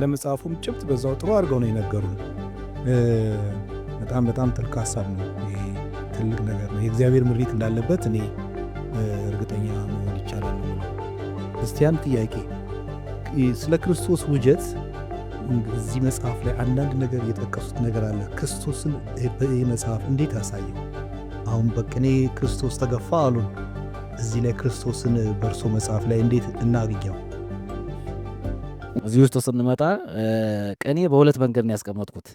ስለ መጽሐፉም ጭብጥ በዛው ጥሩ አድርገው ነው የነገሩ። በጣም በጣም ትልቅ ሀሳብ ነው። ይሄ ትልቅ ነገር ነው። የእግዚአብሔር ምሪት እንዳለበት እኔ እርግጠኛ መሆን ይቻላል። ክርስቲያን ጥያቄ ስለ ክርስቶስ ውጀት እዚህ መጽሐፍ ላይ አንዳንድ ነገር የጠቀሱት ነገር አለ። ክርስቶስን ይህ መጽሐፍ እንዴት ያሳየው? አሁን በቅኔ ክርስቶስ ተገፋ አሉን። እዚህ ላይ ክርስቶስን በእርሶ መጽሐፍ ላይ እንዴት እናግኘው? እዚህ ውስጥ ስንመጣ ቅኔ በሁለት መንገድ ነው ያስቀመጥኩት።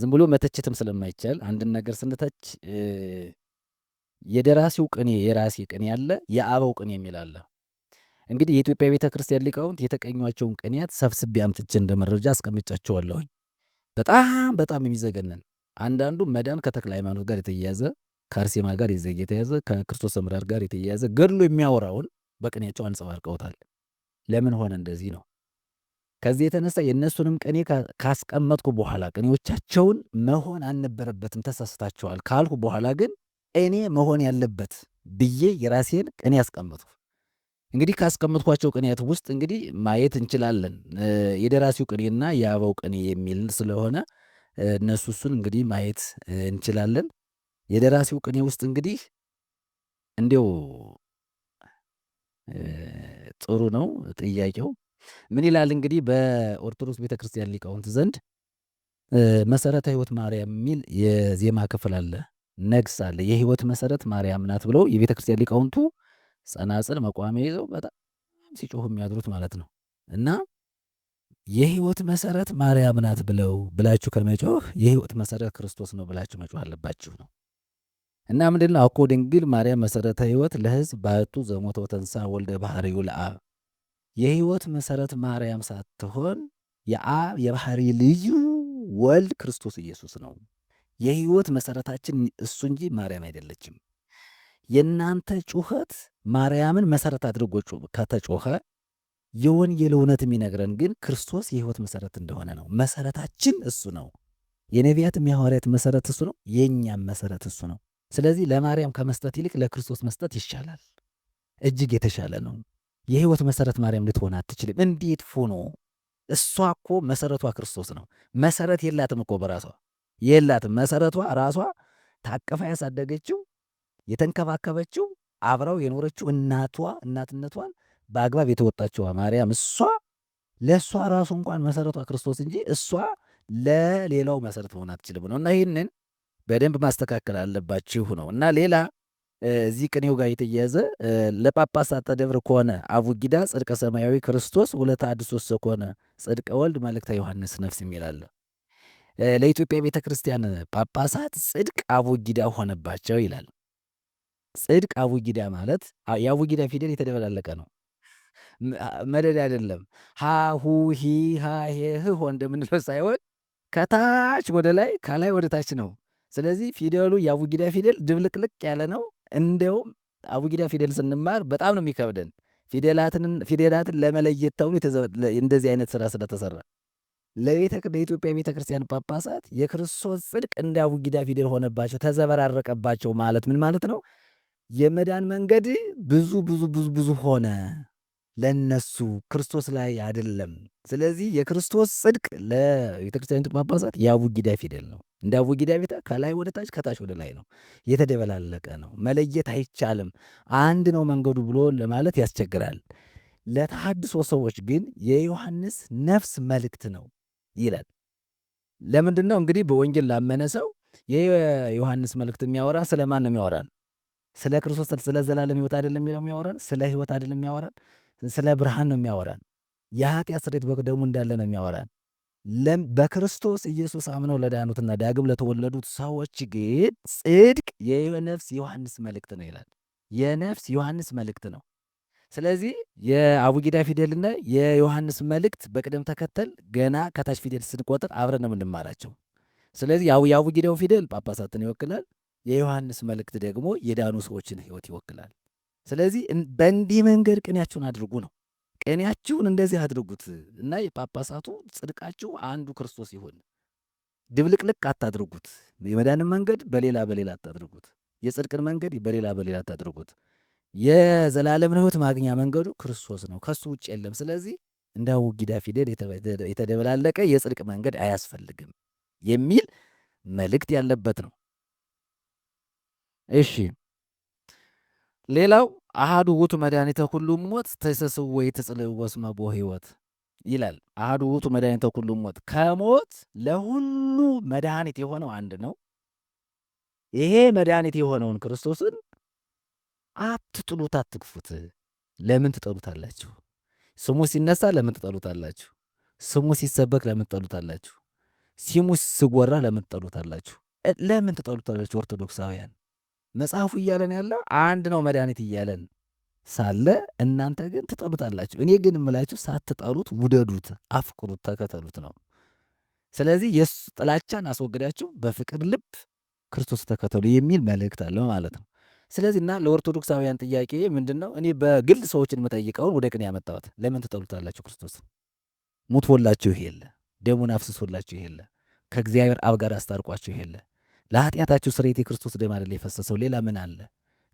ዝም ብሎ መተችትም ስለማይቻል አንድን ነገር ስንተች የደራሲው ቅኔ የራሴ ቅኔ አለ፣ የአበው ቅኔ የሚል አለ። እንግዲህ የኢትዮጵያ ቤተ ክርስቲያን ሊቃውንት የተቀኟቸውን ቅኔያት ሰብስቤ አምጥቼ እንደ መረጃ አስቀምጫቸዋለሁኝ። በጣም በጣም የሚዘገንን አንዳንዱ መዳን ከተክለ ሃይማኖት ጋር የተያያዘ ከአርሴማ ጋር የተያያዘ ከክርስቶስ ምራር ጋር የተያያዘ ገድሎ የሚያወራውን በቅኔያቸው አንጸባርቀውታል። ለምን ሆነ እንደዚህ ነው። ከዚህ የተነሳ የእነሱንም ቅኔ ካስቀመጥኩ በኋላ ቅኔዎቻቸውን መሆን አልነበረበትም ተሳስታቸዋል ካልኩ በኋላ ግን እኔ መሆን ያለበት ብዬ የራሴን ቅኔ አስቀመጥኩ። እንግዲህ ካስቀመጥኳቸው ቅኔያት ውስጥ እንግዲህ ማየት እንችላለን የደራሲው ቅኔና የአበው ቅኔ የሚል ስለሆነ እነሱ እሱን እንግዲህ ማየት እንችላለን። የደራሲው ቅኔ ውስጥ እንግዲህ እንዲው ጥሩ ነው ጥያቄው። ምን ይላል እንግዲህ በኦርቶዶክስ ቤተክርስቲያን ሊቃውንት ዘንድ መሰረተ ህይወት ማርያም የሚል የዜማ ክፍል አለ፣ ነግስ አለ። የህይወት መሰረት ማርያም ናት ብለው የቤተክርስቲያን ሊቃውንቱ ጸናጽል መቋሚያ ይዘው በጣም ሲጮሁ የሚያድሩት ማለት ነው። እና የህይወት መሰረት ማርያም ናት ብለው ብላችሁ ከመጮህ የህይወት መሰረት ክርስቶስ ነው ብላችሁ መጮህ አለባችሁ ነው። እና ምንድን ነው አኮ ድንግል ማርያም መሰረተ ህይወት ለህዝብ ባቱ ዘሞት ወተንሳ ወልደ ባህርዩ ለአብ የህይወት መሰረት ማርያም ሳትሆን የአብ የባህሪ ልዩ ወልድ ክርስቶስ ኢየሱስ ነው። የህይወት መሰረታችን እሱ እንጂ ማርያም አይደለችም። የእናንተ ጩኸት ማርያምን መሰረት አድርጎ ከተጮኸ የወንጌል እውነት የሚነግረን ግን ክርስቶስ የህይወት መሰረት እንደሆነ ነው። መሰረታችን እሱ ነው። የነቢያት የሐዋርያት መሰረት እሱ ነው። የእኛም መሰረት እሱ ነው። ስለዚህ ለማርያም ከመስጠት ይልቅ ለክርስቶስ መስጠት ይሻላል፣ እጅግ የተሻለ ነው። የህይወት መሰረት ማርያም ልትሆን አትችልም። እንዴት ሆኖ? እሷ እኮ መሰረቷ ክርስቶስ ነው። መሰረት የላትም እኮ በራሷ የላትም። መሰረቷ ራሷ ታቀፋ ያሳደገችው የተንከባከበችው አብራው የኖረችው እናቷ እናትነቷን በአግባብ የተወጣችዋ ማርያም እሷ ለእሷ ራሱ እንኳን መሰረቷ ክርስቶስ እንጂ እሷ ለሌላው መሰረት መሆን አትችልም ነው እና ይህንን በደንብ ማስተካከል አለባችሁ ነው እና ሌላ እዚህ ቅኔው ጋር የተያያዘ ለጳጳሳት ተደብር ከሆነ አቡጊዳ ጽድቀ ሰማያዊ ክርስቶስ ሁለት አድሶስ ከሆነ ጽድቀ ወልድ መልእክተ ዮሐንስ ነፍስ የሚላለ ለኢትዮጵያ ቤተ ክርስቲያን ጳጳሳት ጽድቅ አቡጊዳ ሆነባቸው ይላል። ጽድቅ አቡጊዳ ማለት የአቡጊዳ ፊደል የተደበላለቀ ነው። መደድ አይደለም። ሃሁ ሂ ሃ ሄ ህ ሆ እንደምንለው ሳይሆን ከታች ወደ ላይ ከላይ ወደ ታች ነው። ስለዚህ ፊደሉ የአቡጊዳ ፊደል ድብልቅልቅ ያለ ነው። እንደውም አቡጊዳ ፊደል ስንማር በጣም ነው የሚከብደን ፊደላትን ለመለየት ተብሎ እንደዚህ አይነት ስራ ስለተሰራ ለኢትዮጵያ ቤተ ክርስቲያን ጳጳሳት የክርስቶስ ጽድቅ እንደ አቡጊዳ ፊደል ሆነባቸው፣ ተዘበራረቀባቸው። ማለት ምን ማለት ነው? የመዳን መንገድ ብዙ ብዙ ብዙ ብዙ ሆነ ለነሱ ክርስቶስ ላይ አይደለም። ስለዚህ የክርስቶስ ጽድቅ ለቤተክርስቲያን ጳጳሳት የአቡጊዳ ፊደል ነው። እንደ አቡጊዳ ቤታ ከላይ ወደ ታች ከታች ወደ ላይ ነው፣ የተደበላለቀ ነው፣ መለየት አይቻልም። አንድ ነው መንገዱ ብሎ ለማለት ያስቸግራል። ለተሐድሶ ሰዎች ግን የዮሐንስ ነፍስ መልእክት ነው ይላል። ለምንድን ነው እንግዲህ በወንጌል ላመነ ሰው የዮሐንስ መልእክት የሚያወራ ስለማን ነው የሚያወራን? ስለ ክርስቶስ ስለ ዘላለም ህይወት አይደለም የሚለው የሚያወራን፣ ስለ ህይወት አይደለም የሚያወራን፣ ስለ ብርሃን ነው የሚያወራን። የኃጢአት ስርየት በደሙ እንዳለ ነው የሚያወራን። በክርስቶስ ኢየሱስ አምነው ለዳኑትና ዳግም ለተወለዱት ሰዎች ግን ጽድቅ የነፍስ ዮሐንስ መልእክት ነው ይላል። የነፍስ ዮሐንስ መልእክት ነው። ስለዚህ የአቡጊዳ ፊደልና የዮሐንስ መልእክት በቅደም ተከተል ገና ከታች ፊደል ስንቆጥር አብረን ነው የምንማራቸው። ስለዚህ የአቡጊዳው ፊደል ጳጳሳትን ይወክላል። የዮሐንስ መልእክት ደግሞ የዳኑ ሰዎችን ሕይወት ይወክላል። ስለዚህ በእንዲህ መንገድ ቅኔያችሁን አድርጉ ነው። ቅኔያችሁን እንደዚህ አድርጉት እና የጳጳሳቱ ጽድቃችሁ አንዱ ክርስቶስ ይሁን። ድብልቅልቅ አታድርጉት። የመዳንን መንገድ በሌላ በሌላ አታድርጉት። የጽድቅን መንገድ በሌላ በሌላ አታድርጉት። የዘላለምን ሕይወት ማግኛ መንገዱ ክርስቶስ ነው፣ ከሱ ውጭ የለም። ስለዚህ እንደ ውጊዳ ፊደል የተደበላለቀ የጽድቅ መንገድ አያስፈልግም የሚል መልእክት ያለበት ነው። እሺ ሌላው አሃዱ ውእቱ መድኃኒተ ኩሉ ሞት ተሰስው ወይ ተጽልወስመ ቦ ህይወት ይላል። አሃዱ ውእቱ መድኃኒተ ኩሉ ሞት ከሞት ለሁሉ መድኃኒት የሆነው አንድ ነው። ይሄ መድኃኒት የሆነውን ክርስቶስን አትጥሉት፣ አትግፉት። ለምን ትጠሉታላችሁ? ስሙ ሲነሳ ለምን ትጠሉታላችሁ? ስሙ ሲሰበክ ለምን ትጠሉታላችሁ? ሲሙ ሲጎራ ለምን ትጠሉታላችሁ? ለምን ትጠሉታላችሁ? ኦርቶዶክሳውያን መጽሐፉ እያለን ያለው አንድ ነው መድኃኒት እያለን ሳለ እናንተ ግን ትጠሉታላችሁ። እኔ ግን የምላችሁ ሳትጠሉት ውደዱት፣ አፍቅሩት፣ ተከተሉት ነው። ስለዚህ የእሱ ጥላቻን አስወግዳችሁ በፍቅር ልብ ክርስቶስ ተከተሉ የሚል መልእክት አለ ማለት ነው። ስለዚህ እና ለኦርቶዶክሳውያን ጥያቄ ምንድን ነው? እኔ በግል ሰዎችን የምጠይቀውን ወደ ቅን ያመጣሁት ለምን ትጠሉታላችሁ? ክርስቶስ ሙቶላችሁ ይሄለ፣ ደሙን አፍስሶላችሁ ይሄለ፣ ከእግዚአብሔር አብ ጋር አስታርቋችሁ ይሄለ ለኃጢአታችሁ ስርየት የክርስቶስ ደም አይደል የፈሰሰው? ሌላ ምን አለ?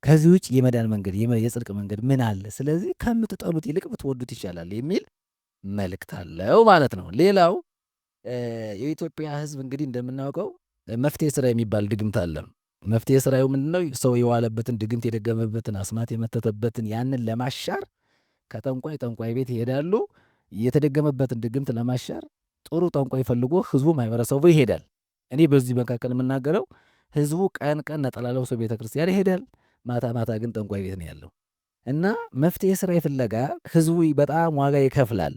ከዚህ ውጭ የመዳን መንገድ የጽድቅ መንገድ ምን አለ? ስለዚህ ከምትጠሉት ይልቅ ብትወዱት ይቻላል የሚል መልእክት አለው ማለት ነው። ሌላው የኢትዮጵያ ሕዝብ እንግዲህ እንደምናውቀው መፍትሄ ስራ የሚባል ድግምት አለ። መፍትሄ ስራዩ ምንድነው? ሰው የዋለበትን ድግምት የደገመበትን አስማት የመተተበትን ያንን ለማሻር ከጠንቋይ ጠንቋይ ቤት ይሄዳሉ። የተደገመበትን ድግምት ለማሻር ጥሩ ጠንቋይ ፈልጎ ህዝቡ ማህበረሰቡ ይሄዳል። እኔ በዚህ መካከል የምናገረው ህዝቡ ቀን ቀን ነጠላ ለብሶ ቤተ ክርስቲያን ይሄዳል፣ ማታ ማታ ግን ጠንቋይ ቤት ነው ያለው እና መፍትሄ ስራ ፍለጋ ህዝቡ በጣም ዋጋ ይከፍላል።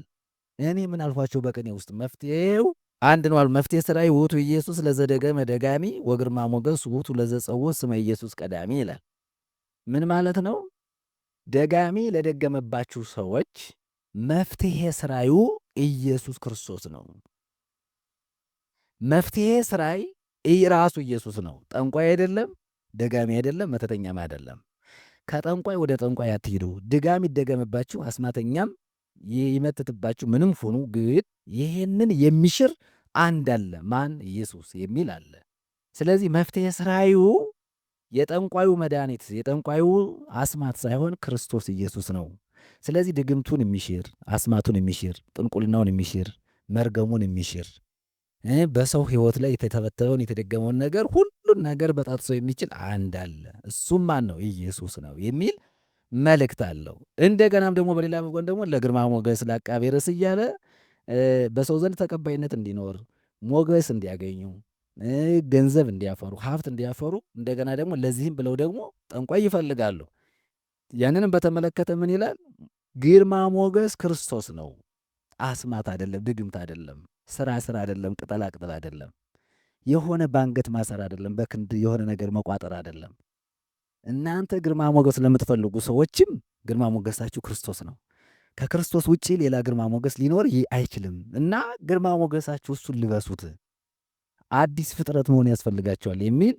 እኔ ምን አልኳቸው በቅኔ ውስጥ መፍትሄው አንድ ነው አሉ። መፍትሄ ስራ ውቱ ኢየሱስ ለዘደገመ ደጋሚ ወግርማ ሞገስ ውቱ ለዘጸወ ስመ ኢየሱስ ቀዳሚ ይላል። ምን ማለት ነው? ደጋሚ ለደገመባችሁ ሰዎች መፍትሄ ስራዩ ኢየሱስ ክርስቶስ ነው። መፍትሄ ስራይ ራሱ ኢየሱስ ነው። ጠንቋይ አይደለም፣ ደጋሚ አይደለም፣ መተተኛም አይደለም። ከጠንቋይ ወደ ጠንቋይ አትሂዱ። ድጋሚ ይደገምባችሁ፣ አስማተኛም ይመትትባችሁ፣ ምንም ሆኑ ግን ይህንን የሚሽር አንድ አለ። ማን? ኢየሱስ የሚል አለ። ስለዚህ መፍትሄ ስራዩ የጠንቋዩ መድኃኒት የጠንቋዩ አስማት ሳይሆን ክርስቶስ ኢየሱስ ነው። ስለዚህ ድግምቱን የሚሽር አስማቱን የሚሽር ጥንቁልናውን የሚሽር መርገሙን የሚሽር በሰው ህይወት ላይ የተተበተበውን የተደገመውን ነገር ሁሉን ነገር በጣጥሶ የሚችል አንድ አለ። እሱም ማን ነው? ኢየሱስ ነው የሚል መልእክት አለው። እንደገናም ደግሞ በሌላ ጎን ደግሞ ለግርማ ሞገስ ለአቃቤ ርዕስ እያለ በሰው ዘንድ ተቀባይነት እንዲኖር ሞገስ እንዲያገኙ ገንዘብ እንዲያፈሩ ሀብት እንዲያፈሩ እንደገና ደግሞ ለዚህም ብለው ደግሞ ጠንቋይ ይፈልጋሉ። ያንንም በተመለከተ ምን ይላል? ግርማ ሞገስ ክርስቶስ ነው፣ አስማት አይደለም፣ ድግምት አይደለም። ስራ ስራ አይደለም፣ ቅጠላ ቅጠል አይደለም፣ የሆነ ባንገት ማሰር አይደለም፣ በክንድ የሆነ ነገር መቋጠር አይደለም። እናንተ ግርማ ሞገስ ለምትፈልጉ ሰዎችም ግርማ ሞገሳችሁ ክርስቶስ ነው። ከክርስቶስ ውጪ ሌላ ግርማ ሞገስ ሊኖር አይችልም እና ግርማ ሞገሳችሁ እሱን ልበሱት፣ አዲስ ፍጥረት መሆን ያስፈልጋቸዋል የሚል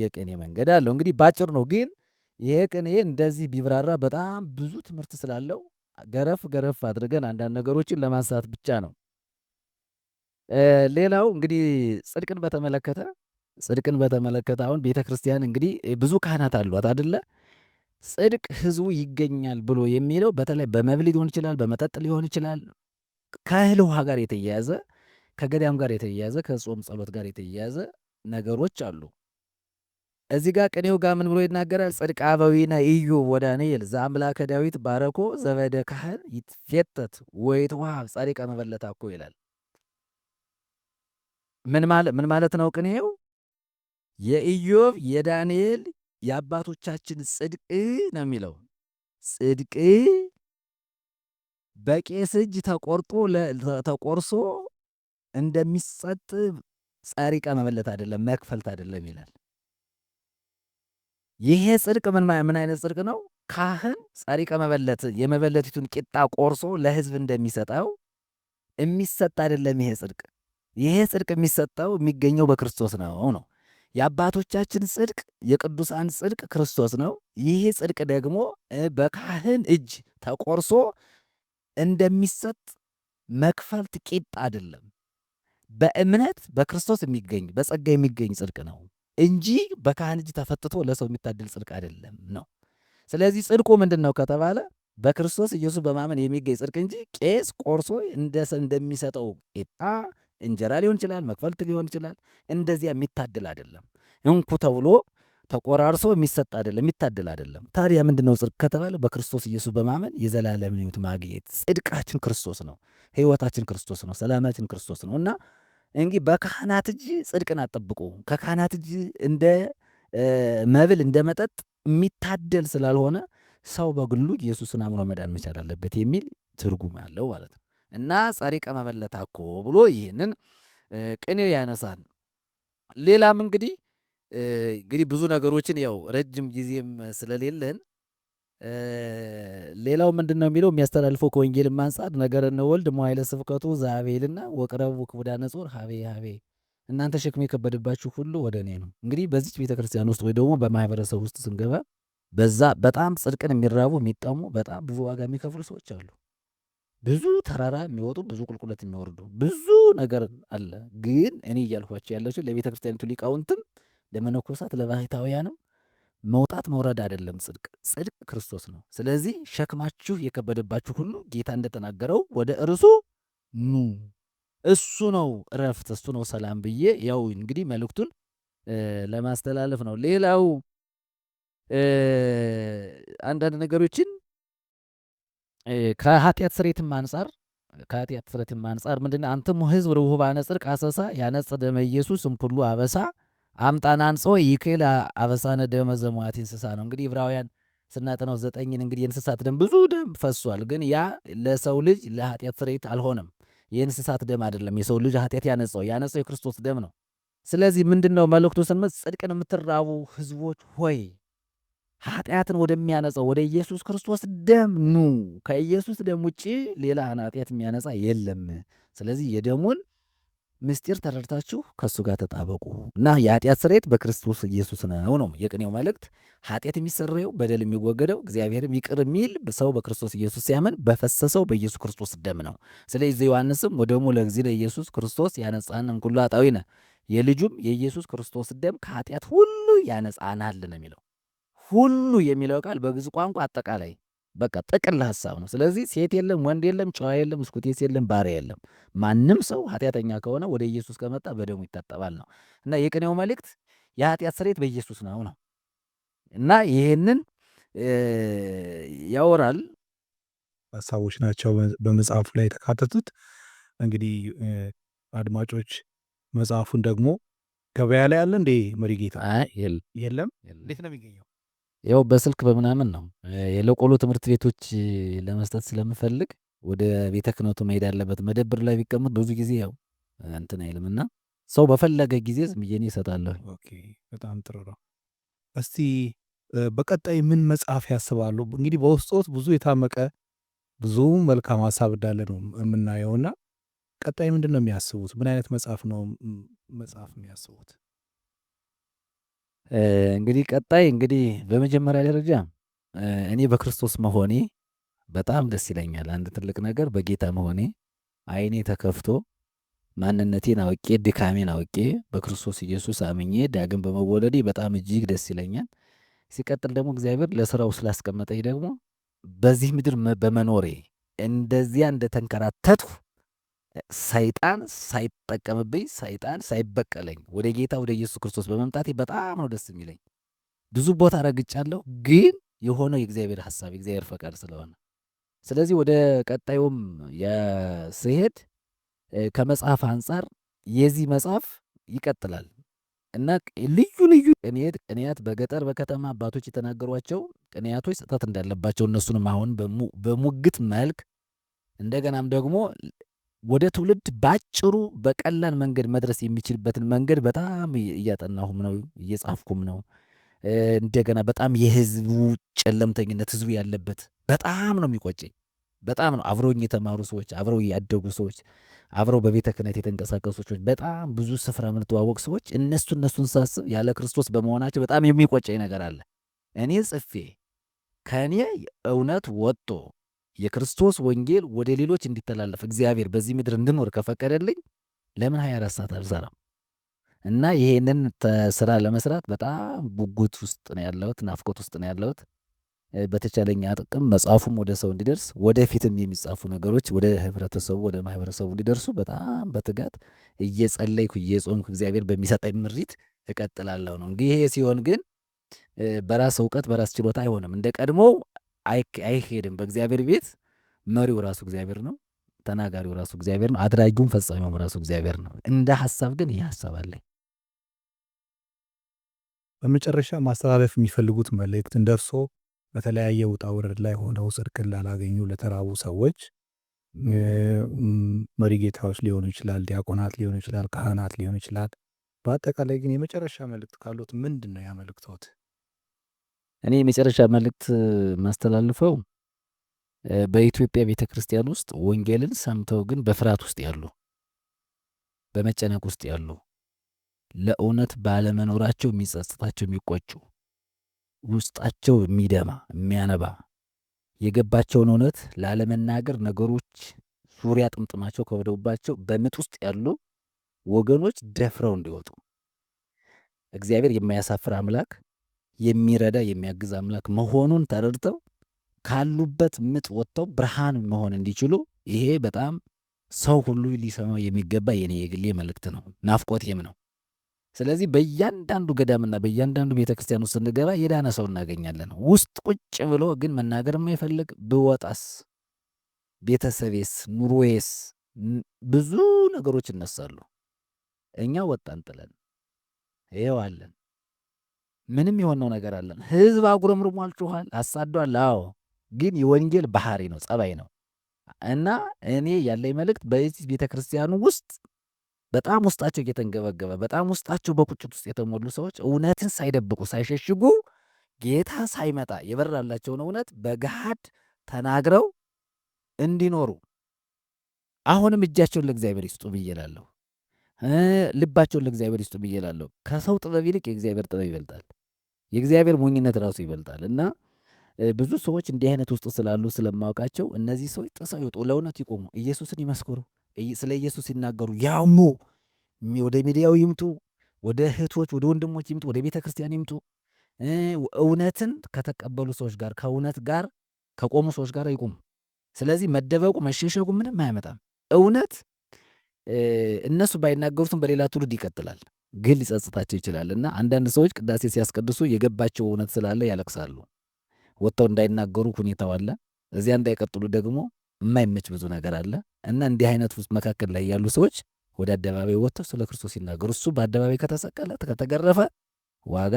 የቅኔ መንገድ አለው። እንግዲህ ባጭር ነው፣ ግን ይሄ ቅኔ እንደዚህ ቢብራራ በጣም ብዙ ትምህርት ስላለው ገረፍ ገረፍ አድርገን አንዳንድ ነገሮችን ለማንሳት ብቻ ነው። ሌላው እንግዲህ ጽድቅን በተመለከተ ጽድቅን በተመለከተ አሁን ቤተ ክርስቲያን እንግዲህ ብዙ ካህናት አሏት አደለ? ጽድቅ ህዝቡ ይገኛል ብሎ የሚለው በተለይ በመብል ሊሆን ይችላል፣ በመጠጥ ሊሆን ይችላል፣ ከእህል ውሃ ጋር የተያያዘ ከገዳም ጋር የተያያዘ ከጾም ጸሎት ጋር የተያያዘ ነገሮች አሉ። እዚህ ጋር ቅኔው ጋር ምን ብሎ ይናገራል? ጽድቅ አበዊነ እዩ ወዳንኤል ዘአምላከ ዳዊት ባረኮ ዘበደ ካህን ይትፌተት ወይትዋሃብ ጻድቃ መበለታኮ ይላል። ምን ማለት ነው? ቅኔው የኢዮብ የዳንኤል የአባቶቻችን ጽድቅ ነው የሚለው ጽድቅ በቄስ እጅ ተቆርጦ ተቆርሶ እንደሚሰጥ ጸሪቀ መበለት አይደለም መክፈልት አይደለም ይላል። ይሄ ጽድቅ ምን አይነት ጽድቅ ነው? ካህን ጸሪቀ መበለት የመበለቲቱን ቂጣ ቆርሶ ለሕዝብ እንደሚሰጠው የሚሰጥ አይደለም ይሄ ጽድቅ ይሄ ጽድቅ የሚሰጠው የሚገኘው በክርስቶስ ነው ነው የአባቶቻችን ጽድቅ የቅዱሳን ጽድቅ ክርስቶስ ነው። ይህ ጽድቅ ደግሞ በካህን እጅ ተቆርሶ እንደሚሰጥ መክፈልት ቂጥ አይደለም። በእምነት በክርስቶስ የሚገኝ በጸጋ የሚገኝ ጽድቅ ነው እንጂ በካህን እጅ ተፈትቶ ለሰው የሚታደል ጽድቅ አይደለም ነው። ስለዚህ ጽድቁ ምንድን ነው ከተባለ በክርስቶስ ኢየሱስ በማመን የሚገኝ ጽድቅ እንጂ ቄስ ቆርሶ እንደሚሰጠው ቂጣ እንጀራ ሊሆን ይችላል፣ መክፈልት ሊሆን ይችላል። እንደዚያ የሚታድል አይደለም። እንኩ ተብሎ ተቆራርሶ የሚሰጥ አይደለም፣ የሚታደል አይደለም። ታዲያ ምንድን ነው ጽድቅ ከተባለ በክርስቶስ ኢየሱስ በማመን የዘላለም ሕይወት ማግኘት። ጽድቃችን ክርስቶስ ነው፣ ሕይወታችን ክርስቶስ ነው፣ ሰላማችን ክርስቶስ ነው። እና እንግዲህ በካህናት እጅ ጽድቅን አጠብቁ ከካህናት እጅ እንደ መብል እንደ መጠጥ የሚታደል ስላልሆነ ሰው በግሉ ኢየሱስን አምኖ መዳን መቻል አለበት የሚል ትርጉም አለው ማለት ነው። እና ጸሪቀ መበለታ ብሎ ይህንን ቅኔ ያነሳል። ሌላም እንግዲህ እንግዲህ ብዙ ነገሮችን ያው ረጅም ጊዜም ስለሌለን ሌላው ምንድን ነው የሚለው የሚያስተላልፈው ከወንጌል ማንጻት ነገር ነወልድ መዋይለ ስብከቱ ዛቤልና ወቅረቡ ክቡዳ ጾር ሀቤ ሀቤ እናንተ ሸክም የከበደባችሁ ሁሉ ወደ እኔ ነው። እንግዲህ በዚች ቤተክርስቲያን ውስጥ ወይ ደግሞ በማህበረሰብ ውስጥ ስንገባ በዛ በጣም ጽድቅን የሚራቡ የሚጠሙ በጣም ብዙ ዋጋ የሚከፍሉ ሰዎች አሉ። ብዙ ተራራ የሚወጡ ብዙ ቁልቁለት የሚወርዱ ብዙ ነገር አለ። ግን እኔ እያልኳቸው ያለችው ለቤተ ክርስቲያኒቱ ሊቃውንትም ለመነኮሳት ለባሕታውያንም መውጣት መውረድ አይደለም ጽድቅ፣ ጽድቅ ክርስቶስ ነው። ስለዚህ ሸክማችሁ የከበደባችሁ ሁሉ ጌታ እንደተናገረው ወደ እርሱ ኑ፣ እሱ ነው እረፍት፣ እሱ ነው ሰላም ብዬ ያው እንግዲህ መልእክቱን ለማስተላለፍ ነው። ሌላው አንዳንድ ነገሮችን ከኃጢአት ስርየትም አንጻር ከኃጢአት ስርየትም አንጻር ምንድን አንትሙ ህዝብ ርሁባነ ጽድቅ ቃሰሳ ያነጽ ደመ ኢየሱስ እምኩሉ አበሳ አምጣን አንጾ ይክል አበሳነ ደመ ዘሟት እንስሳ ነው። እንግዲህ ዕብራውያን ስናጠናው ዘጠኝን እንግዲህ የእንስሳት ደም ብዙ ደም ፈሷል። ግን ያ ለሰው ልጅ ለኃጢአት ስርየት አልሆነም። የእንስሳት ደም አይደለም። የሰው ልጅ ኃጢአት ያነጸው ያነጸው የክርስቶስ ደም ነው። ስለዚህ ምንድን ነው መልእክቱ ስንመጽ ጽድቅን የምትራቡ ህዝቦች ሆይ ኃጢአትን ወደሚያነጻው ወደ ኢየሱስ ክርስቶስ ደም ኑ። ከኢየሱስ ደም ውጭ ሌላ ኃጢአት የሚያነጻ የለም። ስለዚህ የደሙን ምስጢር ተረድታችሁ ከእሱ ጋር ተጣበቁ እና የኃጢአት ስርየት በክርስቶስ ኢየሱስ ነው ነው የቅኔው መልእክት። ኃጢአት የሚሰረየው በደል የሚወገደው እግዚአብሔርም ይቅር የሚል ሰው በክርስቶስ ኢየሱስ ሲያምን በፈሰሰው በኢየሱስ ክርስቶስ ደም ነው። ስለዚህ ዮሐንስም ወደሙ ለእግዚእ ለኢየሱስ ክርስቶስ ያነጻንን ኩሉ ኃጣዊነ የልጁም የኢየሱስ ክርስቶስ ደም ከኃጢአት ሁሉ ያነጻናል ነው የሚለው ሁሉ የሚለው ቃል በግዕዝ ቋንቋ አጠቃላይ በቃ ጥቅል ሀሳብ ነው። ስለዚህ ሴት የለም፣ ወንድ የለም፣ ጨዋ የለም፣ እስኩቴስ የለም፣ ባሪያ የለም። ማንም ሰው ኃጢአተኛ ከሆነ ወደ ኢየሱስ ከመጣ በደሙ ይታጠባል ነው እና የቅኔው መልእክት የኃጢአት ስርየት በኢየሱስ ነው ነው እና ይህንን ያወራል ሀሳቦች ናቸው በመጽሐፉ ላይ የተካተቱት። እንግዲህ አድማጮች መጽሐፉን ደግሞ ገበያ ላይ አለ እንዴ? መሪጌታ የለም። እንዴት ነው የሚገኘው? ያው በስልክ በምናምን ነው የለቆሎ ትምህርት ቤቶች ለመስጠት ስለምፈልግ ወደ ቤተ ክህነቱ መሄድ አለበት። መደብር ላይ ቢቀመጥ ብዙ ጊዜ ያው እንትን አይልም ሰው በፈለገ ጊዜ ዝም ብዬ በጣም ጥሩ ነው። እስቲ በቀጣይ ምን መጽሐፍ ያስባሉ? እንግዲህ በውስጦት ብዙ የታመቀ ብዙ መልካም ሀሳብ እንዳለ ነው የምናየውና ቀጣይ ምንድን ነው የሚያስቡት? ምን አይነት መጽሐፍ ነው መጽሐፍ የሚያስቡት? እንግዲህ ቀጣይ እንግዲህ በመጀመሪያ ደረጃ እኔ በክርስቶስ መሆኔ በጣም ደስ ይለኛል። አንድ ትልቅ ነገር በጌታ መሆኔ ዓይኔ ተከፍቶ ማንነቴን አውቄ ድካሜን አውቄ በክርስቶስ ኢየሱስ አምኜ ዳግም በመወለዴ በጣም እጅግ ደስ ይለኛል። ሲቀጥል ደግሞ እግዚአብሔር ለስራው ስላስቀመጠኝ ደግሞ በዚህ ምድር በመኖሬ እንደዚያ እንደተንከራተትሁ ሰይጣን ሳይጠቀምብኝ ሰይጣን ሳይበቀለኝ ወደ ጌታ ወደ ኢየሱስ ክርስቶስ በመምጣቴ በጣም ነው ደስ የሚለኝ። ብዙ ቦታ ረግጫለሁ፣ ግን የሆነው የእግዚአብሔር ሐሳብ የእግዚአብሔር ፈቃድ ስለሆነ ስለዚህ ወደ ቀጣዩም ስሄድ ከመጽሐፍ አንጻር የዚህ መጽሐፍ ይቀጥላል እና ልዩ ልዩ ቅንያት በገጠር በከተማ አባቶች የተናገሯቸው ቅንያቶች ስህተት እንዳለባቸው እነሱንም አሁን በሙግት መልክ እንደገናም ደግሞ ወደ ትውልድ በአጭሩ በቀላል መንገድ መድረስ የሚችልበትን መንገድ በጣም እያጠናሁም ነው እየጻፍኩም ነው። እንደገና በጣም የህዝቡ ጨለምተኝነት ህዝቡ ያለበት በጣም ነው የሚቆጨኝ። በጣም ነው አብረውኝ የተማሩ ሰዎች፣ አብረው ያደጉ ሰዎች፣ አብረው በቤተ ክህነት የተንቀሳቀሱ ሰዎች፣ በጣም ብዙ ስፍራ የምንተዋወቅ ሰዎች እነሱ እነሱን ሳስብ ያለ ክርስቶስ በመሆናቸው በጣም የሚቆጨኝ ነገር አለ። እኔ ጽፌ ከእኔ እውነት ወጥቶ የክርስቶስ ወንጌል ወደ ሌሎች እንዲተላለፍ እግዚአብሔር በዚህ ምድር እንድኖር ከፈቀደልኝ ለምን 24 ሰዓት አልሰራም? እና ይሄንን ስራ ለመስራት በጣም ጉጉት ውስጥ ነው ያለሁት፣ ናፍቆት ውስጥ ነው ያለሁት። በተቻለኝ ጥቅም መጽሐፉም ወደ ሰው እንዲደርስ ወደፊትም የሚጻፉ ነገሮች ወደ ህብረተሰቡ ወደ ማህበረሰቡ እንዲደርሱ በጣም በትጋት እየጸለይኩ እየጾምኩ እግዚአብሔር በሚሰጠኝ ምሪት እቀጥላለሁ ነው እንግዲህ። ይሄ ሲሆን ግን በራስ እውቀት በራስ ችሎታ አይሆንም። እንደ ቀድሞው አይሄድም። በእግዚአብሔር ቤት መሪው ራሱ እግዚአብሔር ነው። ተናጋሪው ራሱ እግዚአብሔር ነው። አድራጊውም ፈጻሚውም ራሱ እግዚአብሔር ነው። እንደ ሀሳብ ግን ይህ ሀሳብ አለኝ። በመጨረሻ ማስተላለፍ የሚፈልጉት መልእክት እንደርሶ በተለያየ ውጣ ውረድ ላይ ሆነው ጽድቅን ላላገኙ ለተራቡ ሰዎች መሪ ጌታዎች ሊሆኑ ይችላል፣ ዲያቆናት ሊሆኑ ይችላል፣ ካህናት ሊሆኑ ይችላል። በአጠቃላይ ግን የመጨረሻ መልእክት ካሉት ምንድን ነው ያመልክቶት? እኔ የመጨረሻ መልእክት ማስተላልፈው በኢትዮጵያ ቤተ ክርስቲያን ውስጥ ወንጌልን ሰምተው ግን በፍርሃት ውስጥ ያሉ፣ በመጨነቅ ውስጥ ያሉ፣ ለእውነት ባለመኖራቸው የሚጸጽታቸው፣ የሚቆጩ፣ ውስጣቸው የሚደማ የሚያነባ የገባቸውን እውነት ላለመናገር ነገሮች ዙሪያ ጥምጥማቸው ከወደውባቸው በምጥ ውስጥ ያሉ ወገኖች ደፍረው እንዲወጡ እግዚአብሔር የማያሳፍር አምላክ የሚረዳ የሚያግዝ አምላክ መሆኑን ተረድተው ካሉበት ምጥ ወጥተው ብርሃን መሆን እንዲችሉ ይሄ በጣም ሰው ሁሉ ሊሰማው የሚገባ የኔ የግሌ መልእክት ነው፣ ናፍቆቴም ነው። ስለዚህ በእያንዳንዱ ገዳምና በእያንዳንዱ ቤተ ክርስቲያን ውስጥ ስንገባ የዳነ ሰው እናገኛለን። ውስጥ ቁጭ ብሎ ግን መናገር የማይፈልግ ብወጣስ፣ ቤተሰቤስ፣ ኑሮዬስ ብዙ ነገሮች ይነሳሉ። እኛ ወጣን ጥለን ይኸው አለን። ምንም የሆነው ነገር አለን። ህዝብ አጉረምርሟል፣ ጩኋል፣ አሳዷል። አዎ ግን የወንጌል ባህሪ ነው፣ ጸባይ ነው እና እኔ ያለኝ መልእክት በዚህ ቤተ ክርስቲያኑ ውስጥ በጣም ውስጣቸው እየተንገበገበ በጣም ውስጣቸው በቁጭት ውስጥ የተሞሉ ሰዎች እውነትን ሳይደብቁ ሳይሸሽጉ ጌታ ሳይመጣ የበራላቸውን እውነት በገሃድ ተናግረው እንዲኖሩ አሁንም እጃቸውን ለእግዚአብሔር ይስጡ ብዬ ልባቸውን ለእግዚአብሔር ይስጡ ብዬ ከሰው ጥበብ ይልቅ የእግዚአብሔር ጥበብ ይበልጣል። የእግዚአብሔር ሞኝነት ራሱ ይበልጣል እና ብዙ ሰዎች እንዲህ አይነት ውስጥ ስላሉ ስለማውቃቸው እነዚህ ሰዎች ጥሰው ይወጡ፣ ለእውነት ይቆሙ፣ ኢየሱስን ይመስክሩ፣ ስለ ኢየሱስ ይናገሩ፣ ያሙ፣ ወደ ሚዲያው ይምጡ፣ ወደ እህቶች ወደ ወንድሞች ይምጡ፣ ወደ ቤተ ክርስቲያን ይምጡ። እውነትን ከተቀበሉ ሰዎች ጋር ከእውነት ጋር ከቆሙ ሰዎች ጋር ይቁሙ። ስለዚህ መደበቁ መሸሸጉ ምንም አያመጣም። እውነት እነሱ ባይናገሩትም በሌላ ትውልድ ይቀጥላል። ግን ሊጸጽታቸው ይችላል እና አንዳንድ ሰዎች ቅዳሴ ሲያስቀድሱ የገባቸው እውነት ስላለ ያለቅሳሉ። ወጥተው እንዳይናገሩ ሁኔታው አለ። እዚያ እንዳይቀጥሉ ደግሞ የማይመች ብዙ ነገር አለ እና እንዲህ አይነት ውስጥ መካከል ላይ ያሉ ሰዎች ወደ አደባባይ ወጥተው ስለ ክርስቶስ ሲናገሩ እሱ በአደባባይ ከተሰቀለ፣ ከተገረፈ፣ ዋጋ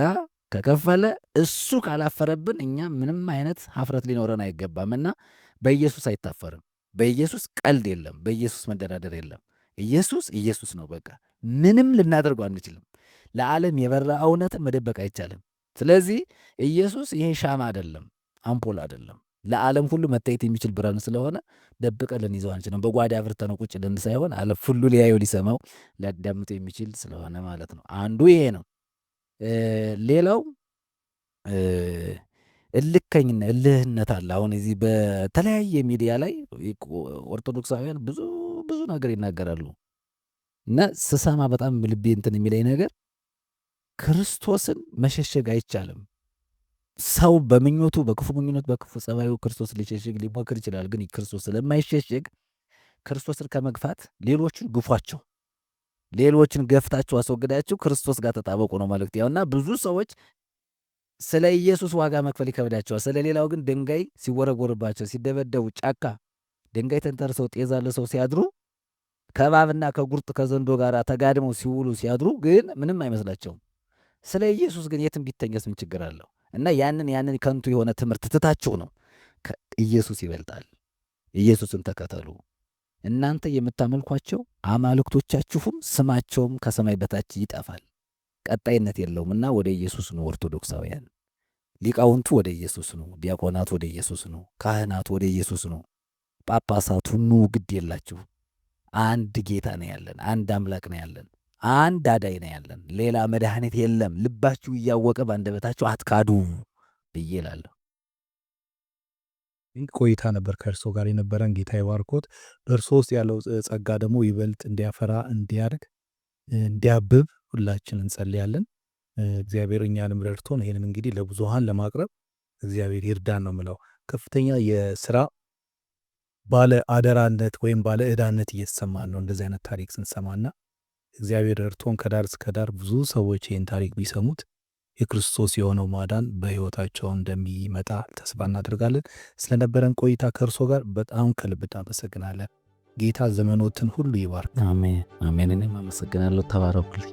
ከከፈለ እሱ ካላፈረብን እኛ ምንም አይነት ሀፍረት ሊኖረን አይገባም እና በኢየሱስ አይታፈርም። በኢየሱስ ቀልድ የለም። በኢየሱስ መደራደር የለም። ኢየሱስ ኢየሱስ ነው። በቃ ምንም ልናደርገው አንችልም። ለዓለም የበራ እውነትን መደበቅ አይቻልም። ስለዚህ ኢየሱስ ይሄ ሻማ አይደለም፣ አምፖል አይደለም። ለዓለም ሁሉ መታየት የሚችል ብርሃን ስለሆነ ደብቀን ልንይዘው አንችልም። በጓዳ አብርተነው ቁጭ ልን ሳይሆን ዓለም ሁሉ ሊያየው ሊሰማው ሊያዳምጡ የሚችል ስለሆነ ማለት ነው። አንዱ ይሄ ነው። ሌላው እልከኝነት እልህነት አለ። አሁን እዚህ በተለያየ ሚዲያ ላይ ኦርቶዶክሳውያን ብዙ ብዙ ነገር ይናገራሉ። እና ስሰማ በጣም ልቤ እንትን የሚለኝ ነገር ክርስቶስን መሸሸግ አይቻልም። ሰው በምኞቱ በክፉ ምኞት በክፉ ጸባዩ ክርስቶስ ሊሸሽግ ሊሞክር ይችላል። ግን ክርስቶስ ስለማይሸሽግ ክርስቶስን ከመግፋት ሌሎችን ግፏቸው፣ ሌሎችን ገፍታቸው አስወግዳቸው ክርስቶስ ጋር ተጣበቁ ነው መልእክት እና ብዙ ሰዎች ስለ ኢየሱስ ዋጋ መክፈል ይከብዳቸዋል። ስለ ሌላው ግን ድንጋይ ሲወረወርባቸው፣ ሲደበደቡ፣ ጫካ ድንጋይ ተንተርሰው ጤዛ ለሰው ሲያድሩ ከባብና ከጉርጥ ከዘንዶ ጋር ተጋድመው ሲውሉ ሲያድሩ ግን ምንም አይመስላቸውም። ስለ ኢየሱስ ግን የትም ቢተኛስ ምን ችግር አለው? እና ያንን ያንን ከንቱ የሆነ ትምህርት ትታችሁ ነው ኢየሱስ ይበልጣል፣ ኢየሱስን ተከተሉ። እናንተ የምታመልኳቸው አማልክቶቻችሁም ስማቸውም ከሰማይ በታች ይጠፋል፣ ቀጣይነት የለውምና ወደ ኢየሱስ ነው ኦርቶዶክሳውያን ሊቃውንቱ ወደ ኢየሱስ ነው። ዲያቆናት ወደ ኢየሱስ ነው። ካህናት ወደ ኢየሱስ ነው። ጳጳሳቱ ኑ ግድ የላችሁ አንድ ጌታ ነው ያለን፣ አንድ አምላክ ነው ያለን፣ አንድ አዳይ ነው ያለን፣ ሌላ መድኃኒት የለም። ልባችሁ እያወቀ በአንደበታችሁ አትካዱ ብዬ እላለሁ። ቆይታ ነበር ከእርሶ ጋር የነበረን። ጌታ ይባርኮት። በእርሶ ውስጥ ያለው ጸጋ ደግሞ ይበልጥ እንዲያፈራ፣ እንዲያድግ፣ እንዲያብብ ሁላችን እንጸልያለን። እግዚአብሔር እኛንም ረድቶን ይህንን እንግዲህ ለብዙሃን ለማቅረብ እግዚአብሔር ይርዳን ነው ምለው። ከፍተኛ የስራ ባለ አደራነት ወይም ባለ ዕዳነት እየተሰማን ነው እንደዚህ አይነት ታሪክ ስንሰማና እግዚአብሔር እርቶን ከዳር እስከ ዳር ብዙ ሰዎች ይህን ታሪክ ቢሰሙት የክርስቶስ የሆነው ማዳን በሕይወታቸው እንደሚመጣ ተስፋ እናደርጋለን። ስለነበረን ቆይታ ከእርሶ ጋር በጣም ከልብ አመሰግናለን። ጌታ ዘመኖትን ሁሉ ይባርክ። አሜን አሜን። እኔም አመሰግናለሁ። ተባረኩልኝ።